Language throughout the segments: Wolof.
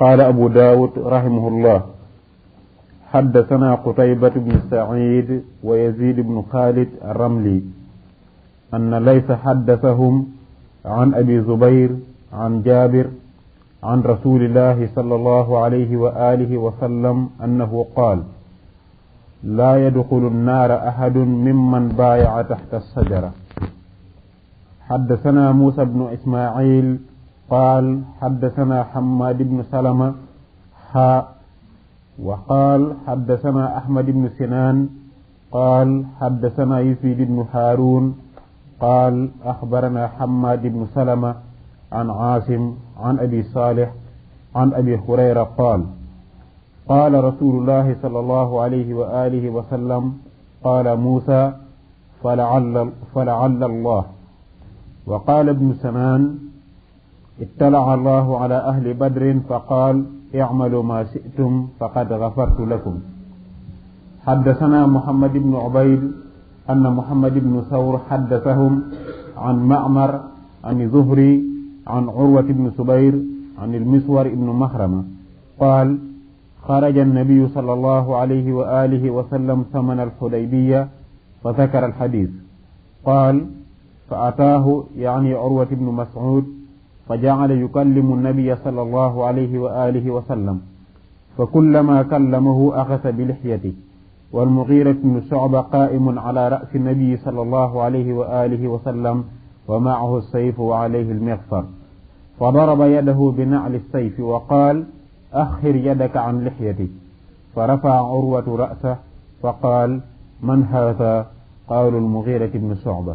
قال أبو داود رحمه الله حدثنا قتيبة بن سعيد ويزيد بن خالد الرملي أن ليس حدثهم عن أبي زبير عن جابر عن رسول الله صلى الله عليه وآله وسلم أنه قال لا يدخل النار أحد ممن بايع تحت الشجرة حدثنا موسى بن إسماعيل قال حدثنا حماد بن سلمة حاء وقال حدثنا أحمد بن سنان قال حدثنا يزيد بن هارون قال أخبرنا حماد بن سلمة عن عاصم عن أبي صالح عن أبي هريرة قال قال رسول الله صلى الله عليه وآله وسلم قال موسى فلعل, فلعل الله وقال ابن سنان اطلع الله على أهل بدر فقال اعملوا ما شئتم فقد غفرت لكم حدثنا محمد بن عبيد أن محمد بن ثور حدثهم عن معمر عن زهري عن عروة بن سبير عن المسور بن مخرمة قال خرج النبي صلى الله عليه وآله وسلم ثمن الحديبية فذكر الحديث قال فأتاه يعني عروة بن مسعود فجعل يكلم النبي صلى الله عليه وآله وسلم فكلما كلمه أخذ بلحيته والمغيرة بن شعبة قائم على رأس النبي صلى الله عليه وآله وسلم ومعه السيف وعليه المغفر فضرب يده بنعل السيف وقال أخر يدك عن لحيتي فرفع عروة رأسه فقال من هذا قال المغيرة بن شعبة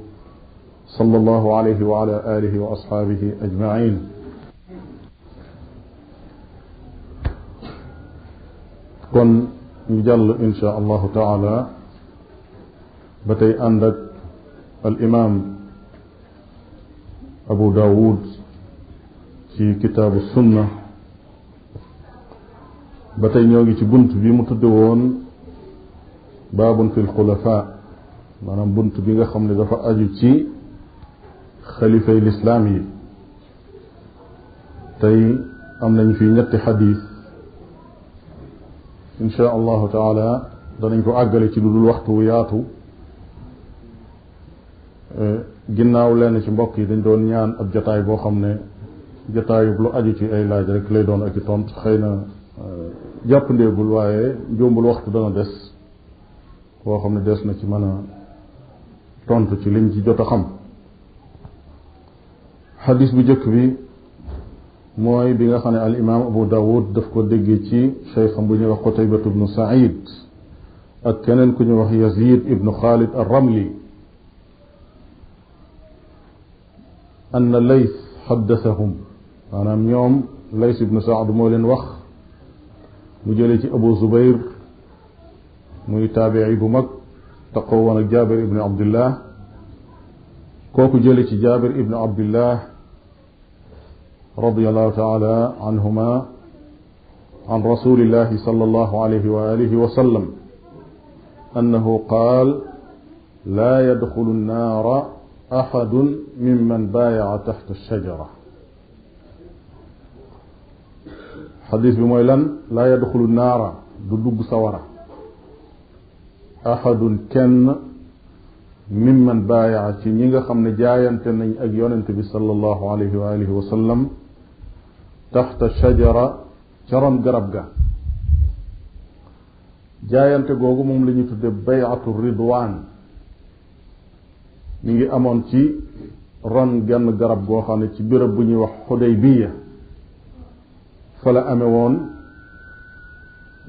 صلى الله عليه وعلى آله وأصحابه أجمعين كن يجل إن شاء الله تعالى بتي أندك الإمام أبو داود في كتاب السنة بتي نيوغي تي بنت باب في الخلفاء manam bunt bi nga xamne dafa aju ci خليفه الاسلام يي تاي امنا في نيت حديث ان شاء الله تعالى دا نكو اغالي تي دول وقت وياتو ا أه، جيناو لين سي مبوكي دنج دون نيان اب جوتاي بو خامني جوتاي بلو ادي تي اي لاج رك لي دون اكي تونت خينا أه، جابنده وايي جومبل وقت دا ديس كو خامني ديس نا سي مانا تونت سي لين سي جوتا خام حديث بجك بي موي بيغا خاني الامام ابو داوود داف كو ديغي سي شيخ ام بني قتيبه بن سعيد اك كنن كني وخ يزيد ابن خالد الرملي ان ليس حدثهم انا يوم ليس ابن سعد مولين وخ مو جيلي سي ابو زبير موي تابعي بمك تقوى جابر ابن عبد الله جلت جابر ابن عبد الله رضي الله تعالى عنهما عن رسول الله صلى الله عليه وآله وسلم أنه قال لا يدخل النار أحد ممن بايع تحت الشجرة حديث بمويلان لا يدخل النار دلوب سورة أحد كن mimman baayaa ci ñi nga xam ne jaayante nañ ak yonent bi sallallahu alayhi wa alihi wa sallam taxta shajara ca ron garab ga jaayante googu moom la ñu tudde bayatu ridwaan mu ngi amoon ci ron genn garab goo xam ne ci béréb bu ñuy wax xudaybiya fa la amee woon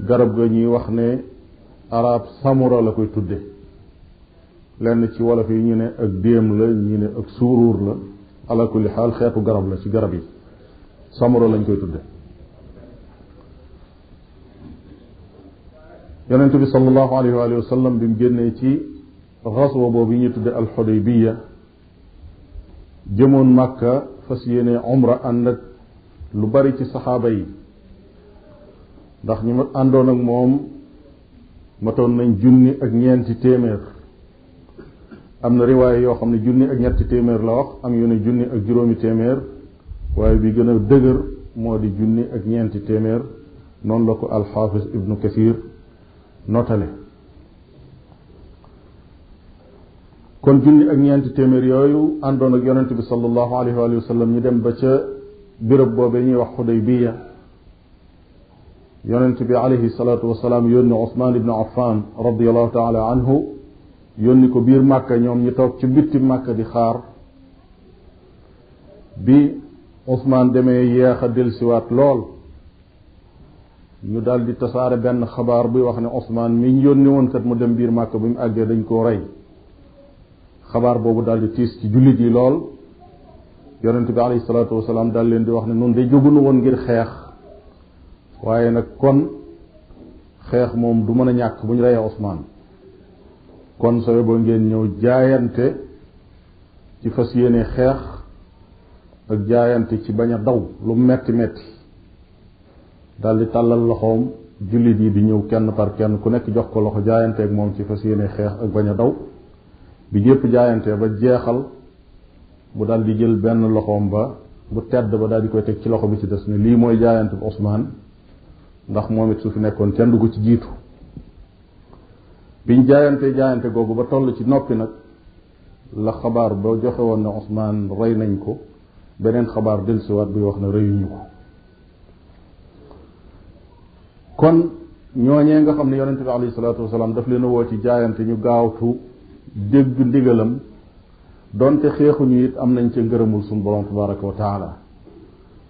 garab ga ñuy wax ne arab samura la koy tudde lenn ci wolof yi ñu ne ak déem la ñu ne ak suuruur la ala kulli xaal xeetu garab la ci garab yi samaro lañ koy tudde yonente bi salallahu alayhi wa bi mu génnee ci xaswa boobu yi ñu tudde alxudaybiya jëmoon màkka fas yéene umra ak lu bari ci saxaaba yi ndax ñu ma àndoon ak moom matoon nañ junni ak ñeenti téeméer am na riwaay yoo xam ne junni ak ñetti téeméer la wax am yu ne junni ak juróomi téeméer waaye bi gën a dëgër moo di junni ak ñeenti téeméer noonu la ko alxaafis ibnu kasir notale kon junni ak ñeenti téeméer yooyu àndoon ak yonent bi salallahu alayhi wa sallam ñu dem ba ca béréb boobee ñuy wax xudaybiya yonent bi alayhi salaatu wasalaam yónni usmaan ibnu affan radiallahu taala anhu yónni ko biir màkka ñoom ñi toog ci bitti màkk di xaar bi Ousmane demee yeex a delsiwaat lool ñu daal di tasaare benn xabaar buy wax ne Ousmane mi ñu yónni woon kat mu dem biir màkk bu ñu àggee dañ koo rey xabaar boobu daal di tiis ci jullit yi lool yonent bi alayhi salaatu wasalaam daal leen di wax ne nun de jógunu woon ngir xeex waaye nag kon xeex moom du mën a ñàkk bu ñu reyee Ousmane kon sa yóbboo ngeen ñëw jaayante ci fas yéene xeex ak jaayante ci bañ a daw lu metti metti daldi tàllal loxoom jullit yi di ñëw kenn par kenn ku nekk jox ko loxo jaayanteeg moom ci fas yéene xeex ak bañ a daw bi ñépp jaayantee ba jeexal mu dal di jël benn loxoom ba bu tedd ba daal di koy teg ci loxo bi ci des ne lii mooy jaayante bu Ousmane ndax moom it su fi nekkoon kenn du ko ci jiitu biñ jaayante jaayante googu ba toll ci noppi nag la xabaar ba joxe woon ne Ousmane rey nañ ko beneen xabaar dellusiwaat buy wax ne reyuñu ko kon ñooñee nga xam ne yonent bi alayhi salaatu wasalaam daf leen a woo ci jaayante ñu gaawtu dégg ndigalam donte xeexu ñu it am nañ ca ngërëmul sun borom tabaraka wa taala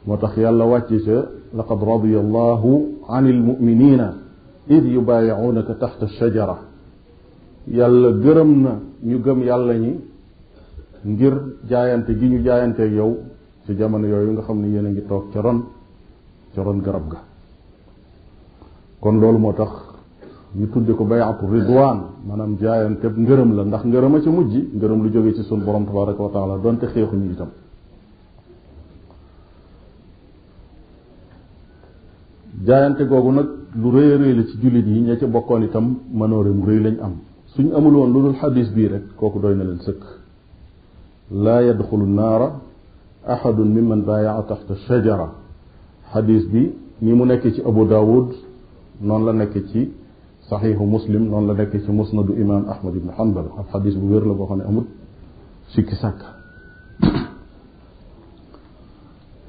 moo tax yàlla wàcce ca laqad radiya allahu an almuminina id yubayicuunaka taxta alshajara yàlla gërëm na ñu gëm yàlla ñi ngir jaayante gi ñu jaayanteeg yow ci jamono yooyu nga xam ne yéen a ngi toog ca ron ca garab ga kon loolu moo tax ñu tudde ko bayatu ridwaan maanaam jaayante ngërëm la ndax ngërëm a ci mujj ngërëm lu jóge ci sun borom tabaraka wa taala donte xeexuñu itam jaayante googu nag lu rëy a la ci jullit yi ña ca bokkoon itam manoore mu rëy lañ am suñ amul woon lu dul xadis bii rek kooku doy na leen sëkk laa yadxulu naara axadun mimman baayaa taxta shajara xadis bi ni mu nekk ci abu daawud noonu la nekk ci saxiixu muslim noonu la nekk ci musnadu imam ahmad ibn hanbal ab xadis bu wér la boo xam ne amul sikki sàkk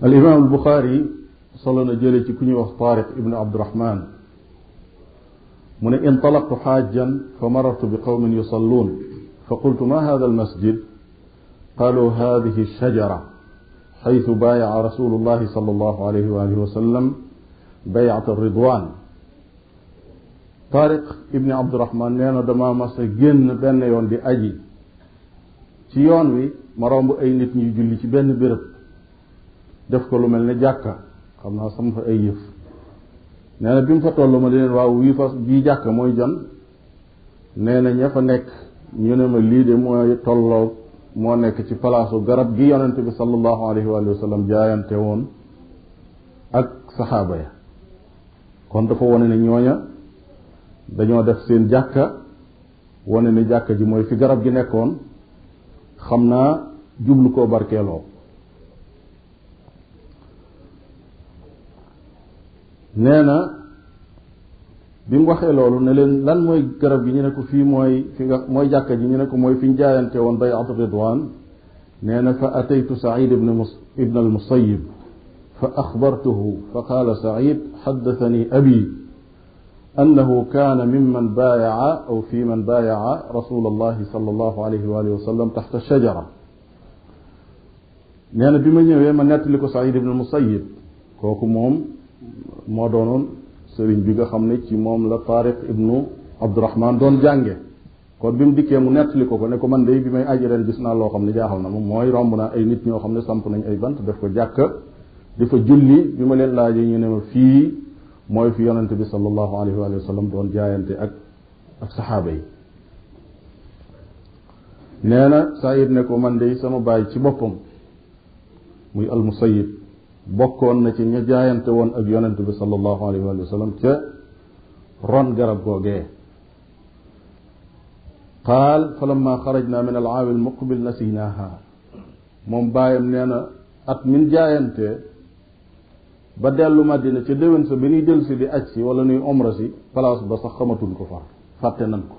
al imam al buxaari solo na jële ci ku ñuy wax taariq ibn abdurahman من انطلقت حاجا فمررت بقوم يصلون فقلت ما هذا المسجد قالوا هذه الشجرة حيث بايع رسول الله صلى الله عليه وآله وسلم بيعة الرضوان طارق ابن عبد الرحمن نانا دما مسجن بين يون دي أجي تيون وي مرام بو اي نيت ني جولي سي بن بيرب داف كو لو nee na bi mu fa toll ma di leen waaw wii fas bii jàkk mooy jan nee na ña fa nekk ñu ne ma lii de mooy tolloog moo nekk ci palaasu garab gi yonente bi sallallahu alayhi wa sallam jaayante woon ak saxaaba ya kon dafa wane ne ñooña dañoo def seen jàkka wane ne jàkka ji mooy fi garab gi nekkoon xam naa jublu koo barkeeloo nee na bi mu waxee loolu ne leen lan mooy garab gi ñu ne ko fii mooy fi nga mooy jàkka ji ñu ne ko mooy fi ñu jaayante woon bay atu ridwan nee na fa ataytu saïd ibn mus ibn al musayib fa axbartuhu fa qaala saïd xaddathani abi أنه كان ممن بايع أو في من بايع رسول الله صلى الله عليه وآله وسلم تحت الشجرة نانا بما نيوي ما ناتلكو سعيد بن المسيب كوكو موم moo doonoon sëriñ bi nga xam ne ci moom la Tariq ibnu Abdurahman doon jànge kon bi mu dikkee mu nettali ko ko ne ko man day bi may aji ren gis naa loo xam ne jaaxal na ma mooy romb naa ay nit ñoo xam ne samp nañ ay bant def ko jàkk di fa julli bi ma leen laajee ñu ne ma fii mooy fi yonent bi sallallahu alayhi wa sallam doon jaayante ak ak saxaaba yi nee na Saïd ne ko man de sama baay ci boppam muy al bokkoon na ci ña jaayante woon ak yonent bi sallallahu alayhi wa sallam ca ron garab googee qaal fa lamma xarajna min al aawi al muqbil nasinaha moom bàyyam nee at min jaayante ba dellu madina ca déwén sa bi ñuy del si di aj si wala nuy omra si place ba sax xamatuñ ko far fàtte nan ko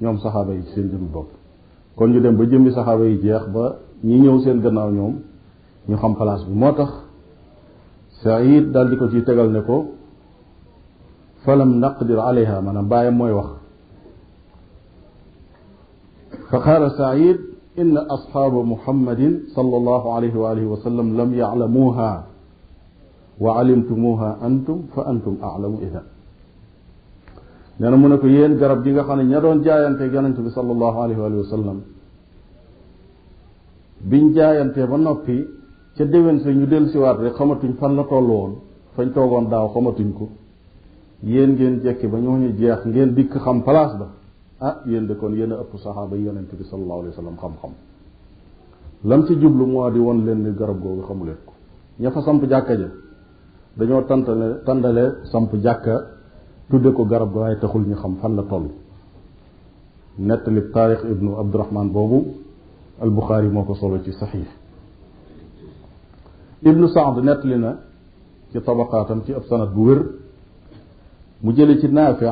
ñoom saxaaba yi seen jëmi bopp kon ñu dem ba jëmmi saxaaba yi jeex ba ñu ñëw seen gannaaw ñoom ñu xam place bi moo tax saïd dal di ko ci tegal ne ko falam naqdir alayha maanaam bàyyam mooy wax fa qaala saïd إن أصحاب محمد صلى الله عليه وآله وسلم لم يعلموها وعلمتموها أنتم فأنتم أعلم إذا nee na mu ne ko yéen garab gi nga xam ne ña doon jaayante yonent bi sallallahu alayhi wa sallam biñ jaayante ba noppi ca déwén sa ñu dellu siwaat rek xamatuñ fan la toll woon fañ toogoon daaw xamatuñ ko yéen ngeen jekki ba ñooñu jeex ngeen dikk xam place ba ah yéen de kon yéen a ëpp saxaaba yi yonente bi sallallahu alayhi xam-xam lam ci jublu moo di won leen ni garab googu xamuleen ko ña fa samp jàkka ja dañoo tantale tàndale samp jàkka tudde ko garab ga waaye taxul ñu xam fan la toll nettali taarix ibnu abdurahman boobu al buxaari moo ko solo ci saxiix ibnu saad nettali na ci tabaqaatam ci ab sanat bu wér mu jële ci naafi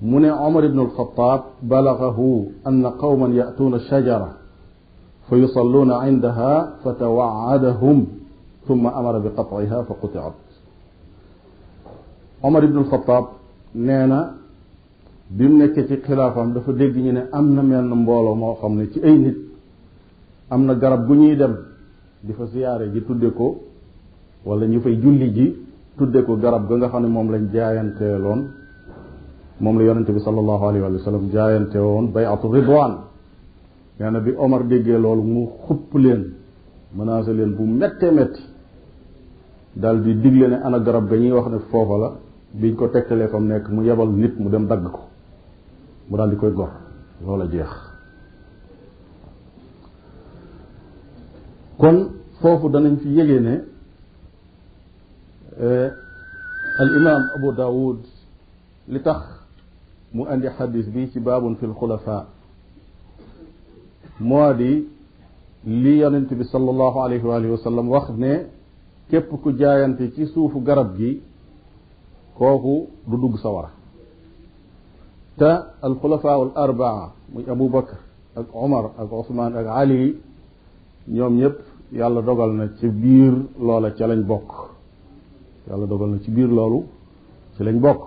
mu ne omar ibnu alxataab balagahu anna qawman yatuuna shajara fa yusalluuna indaha fa tawaadahum thumma amara bi qatciha fa quticat omar ibnu alxataab nee na bi mu nekkee ci xilaafam dafa dégg ñu ne am na menn mbooloo moo xam ne ci ay nit am na garab gu ñuy dem di fa siyaare ji tudde ko wala ñu fay julli ji tudde ko garab ga nga xam ne moom lañ jaayanteeloon moom la yonente bi sallallahu alayhi wa sallam jaayante woon bayatu ridwan nee na bi Omar déggee loolu mu xupp leen menacé leen bu méttee métti daal di digle ne ana garab ga ñuy wax ne foofa la biñ ko tegtalee fam nekk mu yebal nit mu dem dagg ko mu daal di koy gor loola jeex kon foofu danañ fi yégee ne euh, al imam abu daawud li tax mu indi xadis bi ci baabun fi lxulafa moo di li yonent bi sallallahu alayhi wa alihi ne képp ku jaayante ci suufu garab gi kooku du dugg sawara te alxulafaa al arbaa muy abu bakar ak omar ak osmaan ali ñoom ñëpp yàlla dogal na ci biir loola ca lañ bokk yàlla dogal na ci biir loolu ci lañ bokk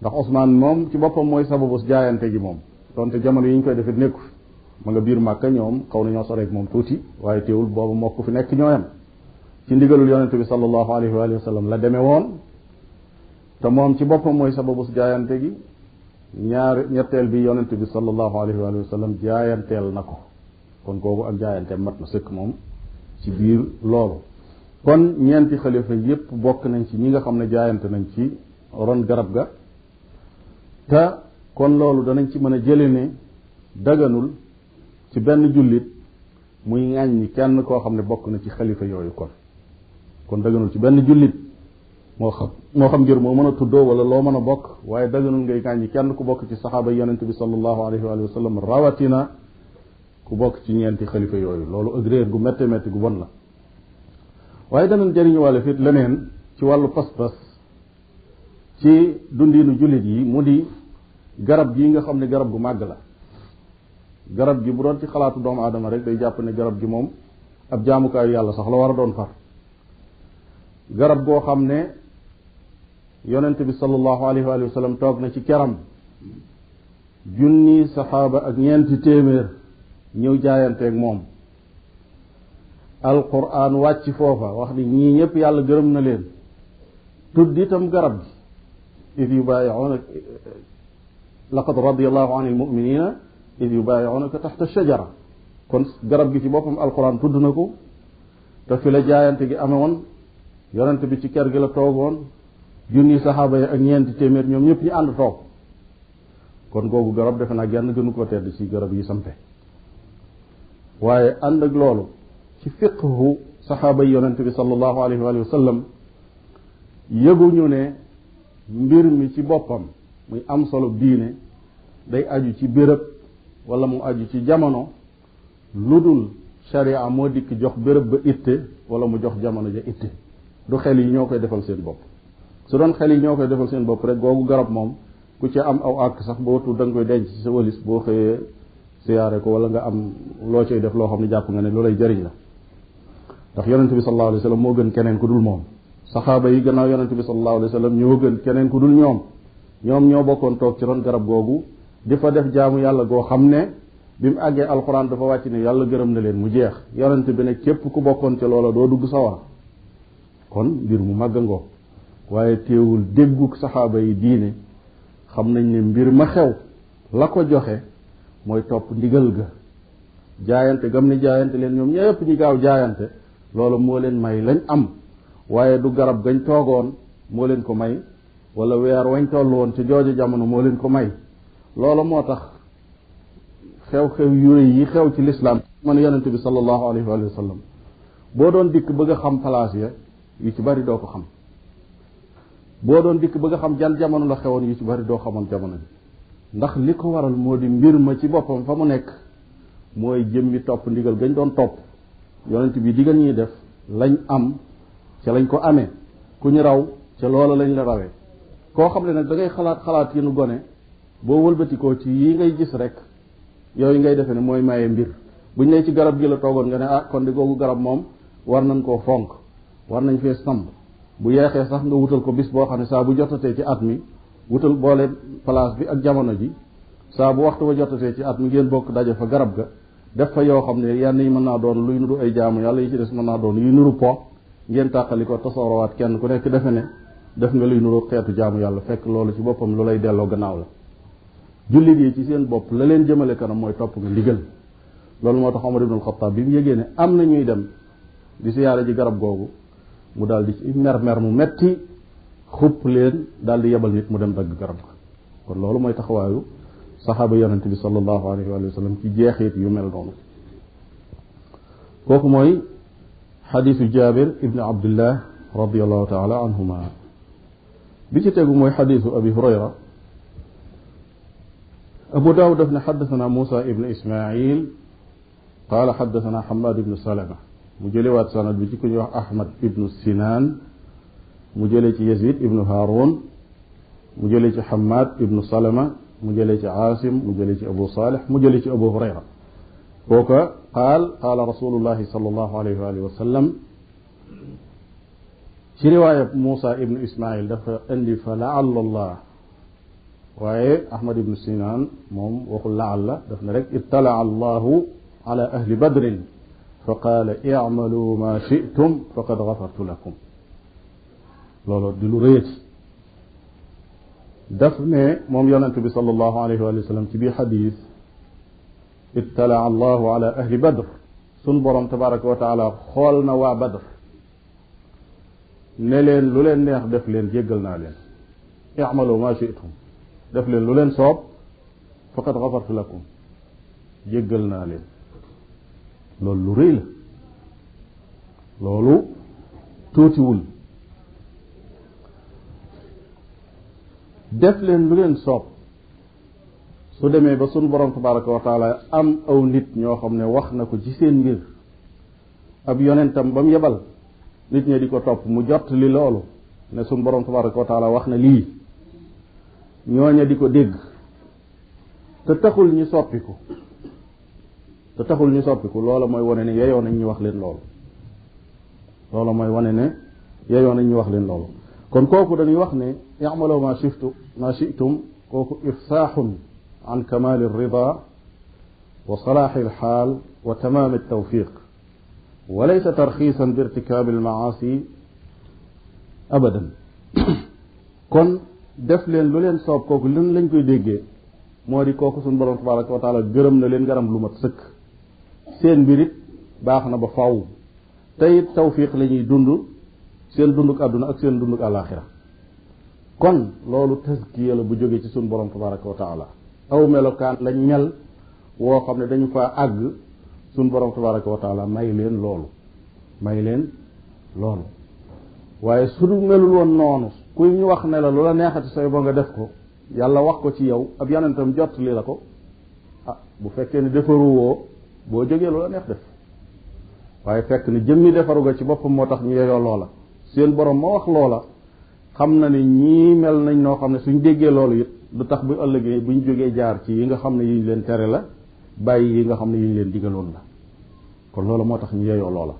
ndax Ousmane moom ci boppam mooy sababu jaayante gi moom donte jamono yi ñu koy defee nekku ma nga biir màkka ñoom xaw nañoo soreeg moom tuuti waaye teewul boobu moo ku fi nekk ñooyam ci ndigalul yonente bi sallallahu alayhi wa sallam la demee woon te moom ci boppam mooy sababu jaayante gi ñaar ñetteel bi yonente bi sallallahu alayhi wa sallam jaayanteel na ko kon kooku ak jaayante mat ma sëkk moom ci biir loolu kon ñeenti xalifa yépp bokk nañ ci ñi nga xam ne jaayante nañ ci ron garab ga te kon loolu danañ ci mën a jële ne daganul ci benn jullit muy ŋàññi kenn koo xam ne bokk na ci xalifa yooyu kon kon daganul ci benn jullit moo xam moo xam ngir moo mën a tuddoo wala loo mën a bokk waaye daganul ngay ŋàññi kenn ku bokk ci saxaaba yonente bi sallallahu alayhi wa sallam rawatina ku bokk ci ñeenti xalifa yooyu loolu ak réer gu métte métti gu bon la waaye danañ jëriñuwàlle fit leneen ci wàllu pas-pas ci dundiinu jullit yi mu di garab gii nga xam ne garab gu màgg la garab gi bu doon ci xalaatu doomu aadama rek day jàpp ne garab gi moom ab jaamukaayu yàlla sax la war a doon far garab goo xam ne yonent bi sallallahu alayhi wa sallam toog na ci keram junni saxaaba ak ñeenti téeméer ñëw ak moom alquran wàcc foofa wax ni ñii ñëpp yàlla gërëm na leen tudd itam garab gi id yubaayicuunaka laqad radiallahu an almuminina id yubaayicuunaka taxta shajara kon garab gi ci boppam alquran tudd na ko te fi la jaayante gi amewoon yonente bi ci ker gi la toogoon junni yi ak ñeenti téeméer ñoom ñëpp ñu ànd toog kon googu garab defe naa genn gënu ko tedd ci garab yi sampe waaye ànd ak loolu ci fiqhu saxaaba yi yonente bi sallallahu alayhi wa sallam yëguñu ne mbir mi ci boppam muy am solo diine day aju ci bërëb wala mu aju ci jamono lu dul sharia moo dikk jox bërëb ba itte wala mu jox jamono ja itte du xel yi ñoo koy defal seen bopp su doon xel yi ñoo koy defal seen bopp rek googu garab moom ku ci am aw àkk sax boo tu da koy denc ci sa walis boo xëyee siyaare ko wala nga am loo cay def loo xam ne jàpp nga ne loolay jëriñ la ndax yonente bi sallallahu alayhi wa moo gën keneen ku dul moom saxaaba yi gannaaw yonente bi sallallahu alayhi wa ñoo gën keneen ku dul ñoom ñoom ñoo bokkoon toog ci ron garab googu di fa def jaamu yàlla goo xam ne bi mu àggee alxuraan dafa wàcc ne yàlla gërëm na leen mu jeex yonente bi ne képp ku bokkoon ci loola doo dugg sawar kon mbir mu màgg ngoo waaye teewul déggu saxaaba yi diine xam nañ mbir ma la ko joxe mooy topp ndigal ga jaayante gam ni jaayante leen ñoom ñëpp ñu gaaw jaayante loolu moo leen may lañ am waaye du garab gañ toogoon moo leen ko may wala weer wañ toll woon ci jooju jamono moo leen ko may loolu moo tax xew-xew yu rëy yi xew ci lislaam man yonent bi sallallahu alayhi wa sallam boo doon dikk bëgg xam place ya yu ci bari doo ko xam boo doon dikk bëgg xam jan jamono la xewoon yu ci bari doo xamoon jamono ji ndax li ko waral moo di mbir ma ci boppam fa mu nekk mooy jëmmi topp ndigal gañ doon topp yonent bi digal ñuy def lañ am ca lañ ko ame ku ñu raw ca loola lañ la rawee koo xam ne nag dangay xalaat xalaat yi nu gone boo wëlbatikoo ci yi ngay gis rek yooyu ngay defe ne mooy maye mbir bu ñu lay ci garab gi la toogoon nga ne ah kon de googu garab moom war nañ koo fonk war nañ fee samp bu yeexee sax nga wutal ko bis boo xam ne saa bu jotatee ci at mi wutal boole place bi ak jamono ji saa bu waxtu wa jotatee ci at mu ngeen bokk daje fa garab ga def fa yoo xam ne yenn yi mën naa doon luy nuru ay jaamu yàlla yi ci des mën naa doon yuy nuru po ngeen tàqali ko tasoorawaat kenn ku nekk defe ne def nga luy nuru xeetu jaamu yàlla fekk loolu ci boppam lu lay delloo gannaaw la jullit yi ci seen bopp la leen jëmale kanam mooy topp nga ndigal loolu moo tax Omar ibnul Xattaab bi mu yëgee ne am na ñuy dem di siyaare ji garab googu mu daal mu metti xupp daal di yebal nit mu dem dagg garab ko kon loolu mooy taxawaayu saxaaba yonente bi sallallahu alayhi wa sallam ci jeexit yu mel noonu kooku mooy taala anhuma bi ci tegu mooy abi hurayra abu daawud daf ne xaddasana muusa ibn ismail qaala xaddasana xamaad ibnu salama mu jëlewaat sanad bi ci ahmad ibnu sinaan mu jëlee ci yazid ibnu haroun mu jëlee ci hamad ibnu salama mu jëlee ci asim mu jëlee ci abu salih mu jëlee ci abu hurayra kooka qaal qaala rasulullahi sal allahu alayhi waalihi wasallam ci riwaaya muusa ibnu ismail dafa indi fa laalla allah waaye ahmad ibnu sinan moom waxul laalla daf ne rek ittalaa allahu ala ahli badrin fa qaala icmaluu ma shi'tum faqad gafartu lakum loolu di lu rëyat daf ne moom yonent bi sal allahu alayhi wa sallam ci biir xadis ittala allahu ala ahli badr sun borom tabaraka wa taala xool na waa badr ne leen lu leen neex def leen jéggal naa leen icmalu ma shi'tum def leen lu leen soob faqad xafartu lakum jéggal naa leen loolu lu rëy la loolu tuutiwul def leen lu leen soob su demee ba sunu borom tabaraka wa taala am aw nit ñoo xam ne wax na ko ci seen mbir ab yonentam ba mu yebal nit ñi di ko topp mu jot li loolu ne suñ borom tabaraka wa taala wax na lii ñooña di ko dégg te taxul ñu soppiku te taxul ñu soppiku loola mooy wone ne yeyoo nañ ñu wax leen loolu loola mooy wane ne yeyoo nañ ñu wax leen loolu kon kooku dañuy wax ne اعملوا ما شفتم ما شئتم كوكو إفصاح عن كمال الرضا وصلاح الحال وتمام التوفيق وليس ترخيصا بارتكاب المعاصي أبدا kon def leen lu leen soob kooku lun lañ koy déggee moo di kooku suñ borom tabaraka wa taala gërëm na leen ngaram lu mat sëkk seen mbirit baax na ba faw tey tawfiq la ñuy dund seen dunduk àdduna ak seen dunduk àlaxira kon loolu taskiya la bu jógee ci suñu borom tabaraka wa aw melokaan lañ mel woo xam ne dañu faa àgg suñu borom tabaraka wa may leen loolu may leen loolu waaye suñu melul woon noonu ku ñu wax ne la lu la neexati say bo nga def ko yàlla wax ko ci yow ab yonentam jot li la ko ah bu fekkee ni defaru woo boo jógee lu la neex def waaye fekk ne jëmmi defaru ci boppam moo tax ñu yeyoo loola seen borom ma wax loola xam na ne ñii mel nañ noo xam ne suñ déggee loolu it du tax bu ëllëgee buñ jógee jaar ci yi nga xam ne yuñ leen tere la bàyyi yi nga xam ne yuñ leen digaloon la kon loolu moo tax ñu yeyoo loola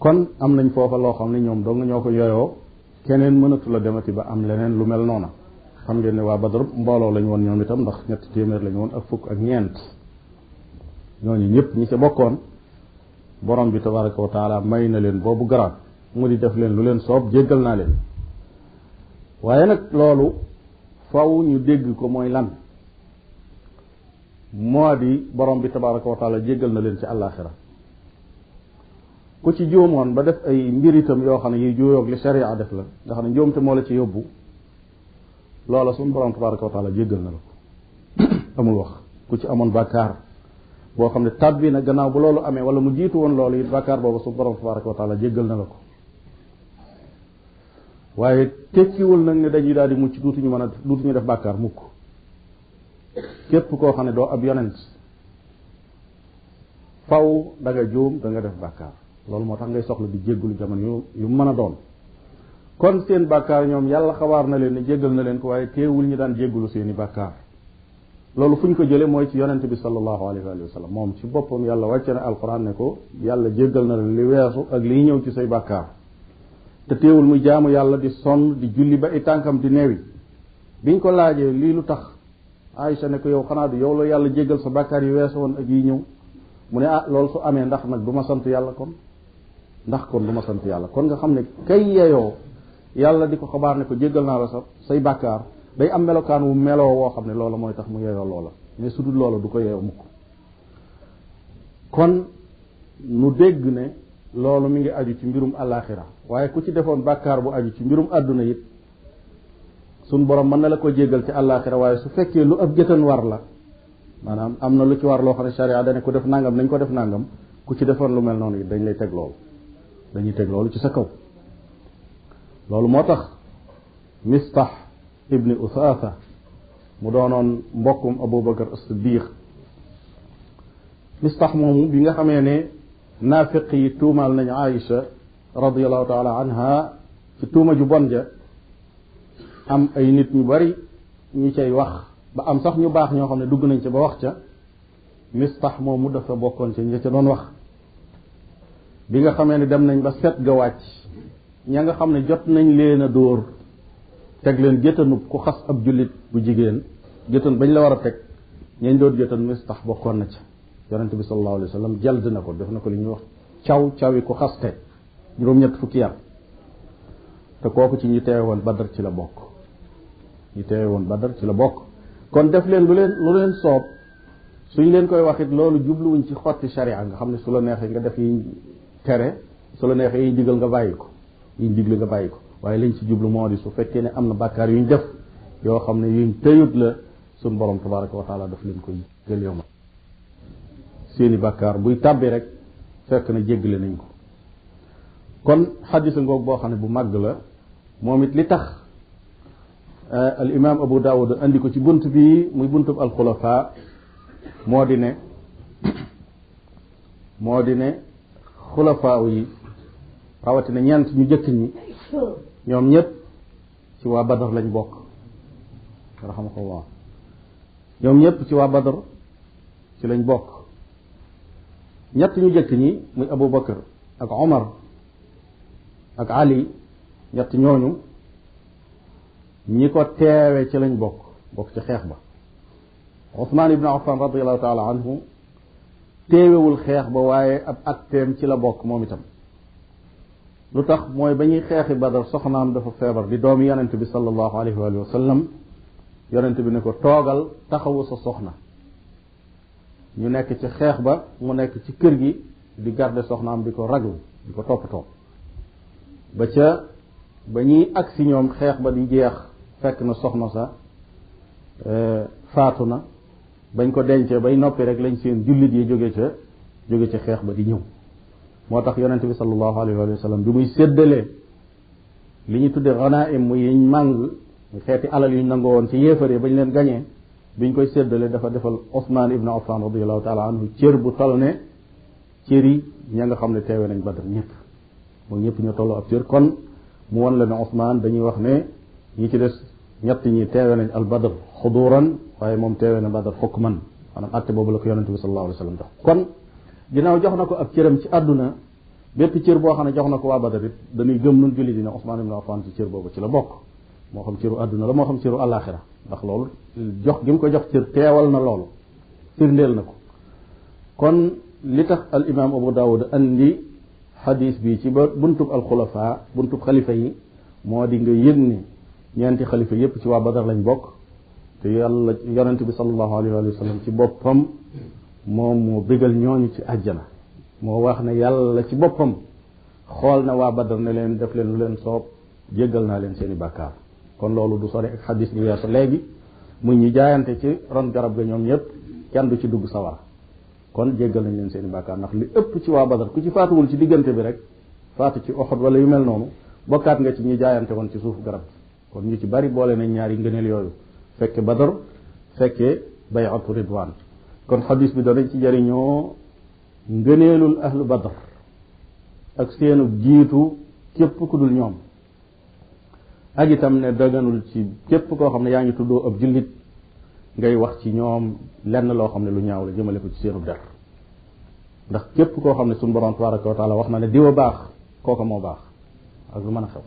kon am nañ foofa loo xam ne ñoom dong ñoo ko yeyoo keneen mënatu la demati ba am leneen lu mel noona xam ngeen ne waa badar mbooloo lañ woon ñoom itam ndax ñetti téeméer lañ woon ak fukk ak ñeent ñooñu ñëpp ñi ca bokkoon borom bi tabaraka wa taala may na leen boobu garaat mu di def leen lu leen soob jéggal naa leen waaye nag loolu faw ñu dégg ko mooy lan moo di borom bi tabaraka wa jéggal na leen ci àllaaxira ku ci juumoon ba def ay mbir yoo xam ne yuy juuyoog li sharia def la nga xam ne njuumte moo la ci yóbbu loola suñu borom tabaraka wa taala jéggal na la ko amul wax ku ci amoon bàkkaar boo xam ne tàbbi na gannaaw bu loolu amee wala mu jiitu woon loolu it bàkkaar boobu suñu borom tabaraka wa na la ko waaye tekkiwul nag ne dañuy daal di mucc ñu mën a duutuñu def bàkkaar mukk képp koo xam ne doo ab yonent faw da nga juum da nga def bàkkaar loolu moo tax ngay soxla bi jéggulu jamono yu yu mën a doon kon seen bàkkaar ñoom yàlla xabaar na leen ne jéggal na leen ko waaye teewul ñu daan jéggulu seeni bàkkaar loolu fu ñu ko jële mooy ci yonente bi sallallahu alayhi wa sallam moom ci boppam yàlla wàcce na alquran ne ko yàlla jéggal na leen li weesu ak liy ñëw ci say bàkkaar te teewul muy jaamu yàlla di sonn di julli ba ay tànkam di bi biñ ko laajee lii lu tax Aïcha ne ko yow xanaa du yow la yàlla jéggal sa bàkkaar yi weesu woon ak yi ñëw mu ne ah lool su amee ndax nag du ma sant yàlla kon ndax kon du ma sant yàlla kon nga xam ne kay yeyoo yàlla di ko xabaar ne ko jéggal naa la sa say bàkkaar day am melokaan wu meloo woo xam ne loola mooy tax mu yeyoo loola mais su dul loola du ko yeyoo mukk kon nu dégg ne loolu mu ngi aju ci mbirum alaxira waaye ku ci defoon bàkkaar bu aju ci mbirum àdduna it suñ borom mën na la ko jéggal ci alaxira waaye su fekkee lu ab jëtan war la maanaam am na lu ci war loo xam ne charia dane ku def nangam dañ ko def nangam ku ci defoon lu mel noonu it dañ lay teg loolu dañuy teg loolu ci sa kaw loolu moo tax mistax ibni usaasa mu doonoon mbokkum abubakar as-siddiq mistax moomu bi nga xamee ne naafiq yi tuumaal nañu Aïcha radiallahu taala anha ci tuuma ju bon ja am ay nit ñu bari ñu cay wax ba am sax ñu baax ñoo xam ne dugg nañ ci ba wax ca mistax moomu dafa bokkoon ca ña ca doon wax bi nga xamee ne dem nañ ba set ga wàcc ña nga xam ne jot nañ leen a dóor teg leen géttanub ku xas ab jullit bu jigéen géttan bañ la war a teg ñañ doon géttan mistax bokkoon na ca yonente bi sallallahu alayhi wasallam jald na ko def na ko li ñuy wax caw cawi ko xaste juróom ñett fukki at te kooku ci ñi teewe woon badar ci la bokk ñi teewe woon badar ci la bokk kon def leen lu leen lu leen soob suñ leen koy waxit loolu jubluwuñ ci xotti sharia nga xam ne su la neexee nga def yiñ tere su la neexee yiñ digal nga bàyyi ko yiñ digle nga bàyyi ko waaye liñ ci jublu moo di su fekkee ne am na bàkkaar yuñ def yoo xam ne yuñ tëyut la sun borom tabaraka wa taala daf leen koy jël yow ma seeni bakkar buy tabbi rek fekk na jéggale nañ ko kon xadis ngoog boo xam ne bu màgg la moom it li tax euh, al imam abu daud, andi ko ci bunt bi muy buntub al xulafa moo di ne moo di ne xulafaaw yi rawatina ñeent ñu jëkk ñi ñoom ñëpp ci waa badar lañ bokk raxamakallah ñoom ñëpp ci waa badar ci lañ bokk ñett ñu jëkk ñi muy abou bakar ak omar ak ali ñett ñooñu ñi ko teewe ci lañ bokk bokk ci xeex ba ousmane ibne affan radiallahu taala anhu teewewul xeex ba waaye ab acteem ci la bokk moom itam lu tax mooy ba ñuy xeexi badar soxnaam dafa feebar di doomi yonente bi salallahu alayhi wa sallam yonente bi ne ko toogal taxawu sa soxna ñu nekk ci xeex ba mu nekk ci kër gi di garder soxnaam di ko raglu di ko toppatoo ba ca ba ñuy ak si ñoom xeex ba di jeex fekk na soxna sa faatu na bañ ko dencee bay noppi rek lañ seen jullit yi jóge ca jóge ca xeex ba di ñëw moo tax yonente bi salallahu alayhi wa sallam bi muy séddalee li ñu tudde ghanaim muy yiñ màng xeeti alal yu nangoo woon ci yéefare bañ leen gañee biñ koy séddale dafa defal Ousmane ibn Affan radiyallahu taala anhu cër bu toll ne cër yi ña nga xamne téwé nañ Badr ñëpp mo ñëpp ñu tollu ab cër kon mu won la ne Ousmane dañuy wax ne ñi ci dess ñatt ñi téwé nañ al Badr xuduran waye mom téwé na Badr hukman manam atte bobu la ko yonente bi sallallahu alayhi wasallam dox kon ginaaw jox nako ko ab cëram ci aduna bépp cër bo xamne jox nako wa waa Badr dañuy gëm nun julli dina Ousmane ibn Affan ci cër bobu ci la bokk moo xam cëru àdduna la moo xam cëru àllaaxira ndax loolu jox gi ko jox cër teewal na loolu firndeel na ko kon li tax al imaam abu daawud andi xadiis bi ci ba buntub al xulafaa buntub xalifa yi moo di nga yëg ni ñeenti xalifa yépp ci waa badar lañ bokk te yàlla yonente bi sallallahu alayhi wa sallam ci boppam moom moo bégal ñooñu ci àjjana moo wax ne yàlla ci boppam xool na waa badar ne leen def leen lu leen soob jéggal naa leen seeni bàkkaar kon loolu du sore ak xadis bi weesu léegi mu ñu jaayante ci ron garab ga ñoom ñëpp kenn du ci dugg sawara kon jéggal nañ leen seen i bàkkaar ndax li ëpp ci waa Badar ku ci faatuwul ci diggante bi rek faatu ci Uhud wala yu mel noonu bokkaat nga ci ñi jaayante woon ci suufu garab gi kon ñu ci bari boole nañ ñaari ngëneel yooyu fekke Badar fekke bayatu ridwan kon xadis bi danañ ci jariñoo ngëneelul ahlu Badar ak seenu jiitu képp ku dul ñoom ak itam ne daganul ci képp koo xam ne yaa ngi tuddoo ab jullit ngay wax ci ñoom lenn loo xam ne lu ñaaw la jëmale ko ci seenu der ndax képp koo xam ne suñu borom tabaraka wa wax na ne diwa baax kooka moo baax ak lu mën a xew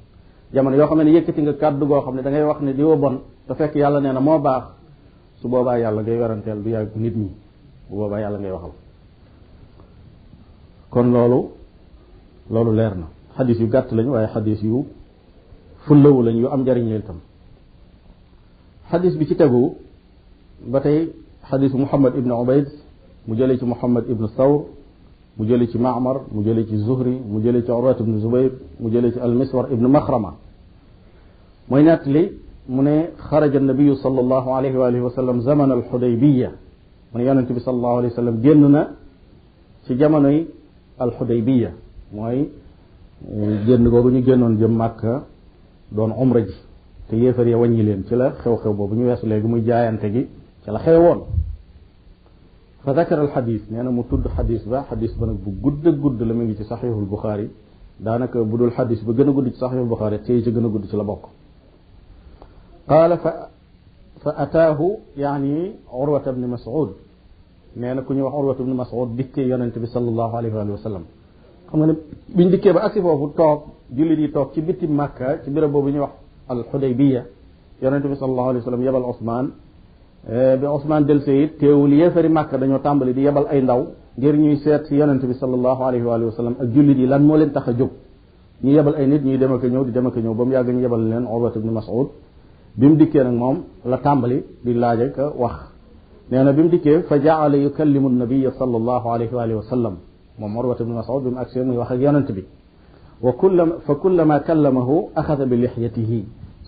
jamono yoo xam ne yëkkati nga kàddu goo xam ne da wax ne diwa bon te fekk yàlla nee na moo baax su boobaa yàlla ngay weranteel du yàgg nit ñi bu boobaa yàlla ngay waxal kon loolu loolu leer na xadis yu gàtt lañu waaye xadis yu fullawu lañ yu am jariñ leen tam xadis bi ci tegu ba tey xadisu muhammad ibn ubayd mu jëlee ci muhammad ibn sawr mu jëlee ci maamar mu jëlee ci zuhri mu jëlee ci urwat ibn zubayr mu jëlee ci almiswar ibn maxrama mooy nettali mu ne xaraja nabiyu sal allahu alayhi wa alihi wa sallam zaman alxudaybiya mu ne yonente bi sal allahu alayhi wa sallam génn na ci jamonoy alxudaybiya mooy génn googu ñu génnoon jëm màkka doon omra ji te yéefar ya wàññi leen ci la xew-xew boobu ñu weesu léegi muy jaayante gi ci la xewoon fa dakar al xadis nee na mu tudd xadis ba xadis ba nag bu gudd gudd la mi ngi ci saxiixul buxaari daanaka bu dul xadis ba gën a gudd ci saxiixul buxaari tey ci gën a gudd ci la bokk qaala fa fa ataahu yaani urwata bni masud nee na ku ñuy wax urwata bni masud dikkee yonente bi salallahu alayhi wa sallam xam nga ne biñ dikkee ba agsi foofu toog jullit yi toog ci bitti makka ci béréb boobu ñuy wax al xudaybiya yonente bi salallahu alayhi wa sallam yebal Ousmane bi Ousmane del seyit teewul yéefari makka dañoo tàmbali di yebal ay ndaw ngir ñuy seet si yonente bi salallahu alayhi wa sallam ak jullit yi lan moo leen tax a jóg ñu yebal ay nit ñuy dem ak ñëw di dem ak ñëw ba mu yàgg ñu yebal leen Urwat ibn Mas'ud bi mu dikkee nag moom la tàmbali di laaj ak wax nee na bi mu dikkee fa jaala yukallimu nabiya salallahu alayhi wa sallam moom Urwat ibn Mas'ud bi mu agsee muy wax ak yonente bi وكل فكلما كلمه اخذ بلحيته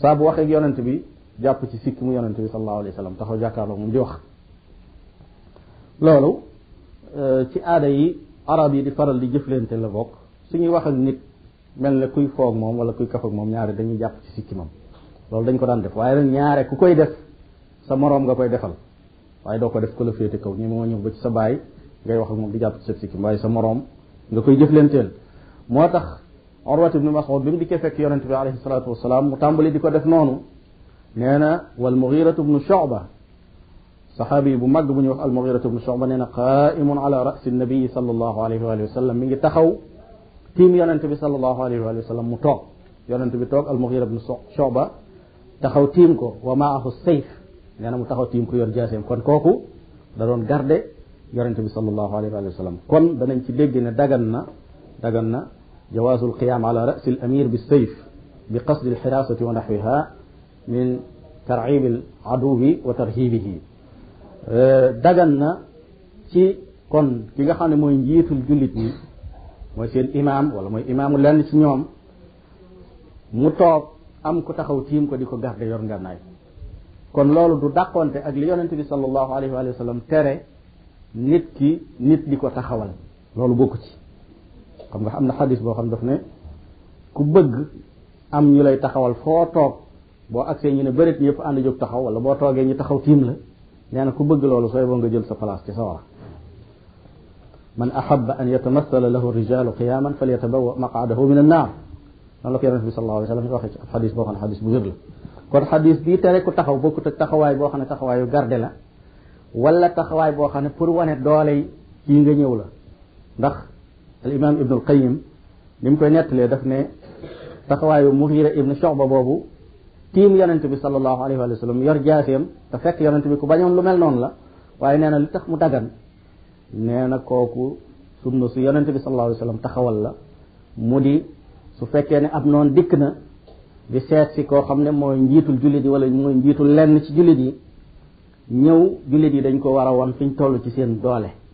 صاب واخ يونت بي جاب سي سيك مو يونت صلى الله عليه وسلم تاخو جاكار مو دي واخ لولو سي ادا يي عربي دي فرال دي جفلنت لا بوك سيني واخ نيت مل كوي فوق موم ولا كوي كفوك موم نياري داني جاب سي سيك موم لول دنج كو دان ديف واي رك نياري كوكاي ديف سا موروم غاكاي ديفال waaye doo ko def ko la féete kaw ñi moo ñëw ba ci sa baay ngay wax ak moom di jàpp ci sa sikkim sa morom nga koy jëflanteel moo عروة بن مسعود بن ديكي فك عليه الصلاة والسلام متامبلي ديكو دف نونو نينا والمغيرة بن شعبة صحابي بو مغ بو المغيرة بن شعبة نينا قائم على رأس النبي صلى الله عليه وآله وسلم من تخو تيم يونتبي صلى الله عليه وآله وسلم متوق يونتبي توق المغيرة بن شعبة تخو تيمكو ومعه السيف نينا متخو تيمكو يور كون كوكو دارون غاردي يونتبي صلى الله عليه وآله وسلم كون دانن سي دغنا دغنا جواز القيام على رأس الأمير بالسيف بقصد الحراسة ونحوها من ترعيب العدو وترهيبه دغن سي كون كيغا خاني موي نجيتول جوليت ني موي سين ولا موي امام لين سي نيوم ام كو تاخاو تيم كو ديكو غارد يور غاناي كون لولو دو داكونتي صلى الله عليه واله وسلم تري نيت كي نيت ديكو تاخوال لولو بوكو سي xam nga am na xadis boo xam daf ne ku bëgg am ñu lay taxawal foo toog boo agsee ñu ne bërit ñëpp ànd jóg taxaw wala boo toogee ñu taxaw tiim la nee na ku bëgg loolu sooy boo nga jël sa place ci sa wax man ahabba an yatamassala lahu rijalu qiyaman falyatabawa maqadahu min annar noonu la ko yonente bi sallallahu alayhi wasallam waxee ci ab xadis boo xam ne xadis bu wér la kon xadis bii tere ku taxaw bokku ak taxawaay boo xam ne taxawaayu garde la wala taxawaay boo xam ne pour wane doole yi nga ñëw la ndax al imam ibnul qayim ni mu koy nettalee daf ne taxawaayu muhira ibnu shoxba boobu tiim yonent bi salallahu alayhi wa sallam yor jaaseem te fekk yonent bi ku bañoon lu mel noonu la waaye nee na li tax mu dagan nee na kooku sunna su yonent bi salallahu alayhi wa sallam taxawal la mu di su fekkee ne ab noon dikk na di seet si koo xam ne mooy njiitul jullit yi wala mooy njiitul lenn ci jullit yi ñëw jullit yi dañ ko war a won fiñ toll ci seen doole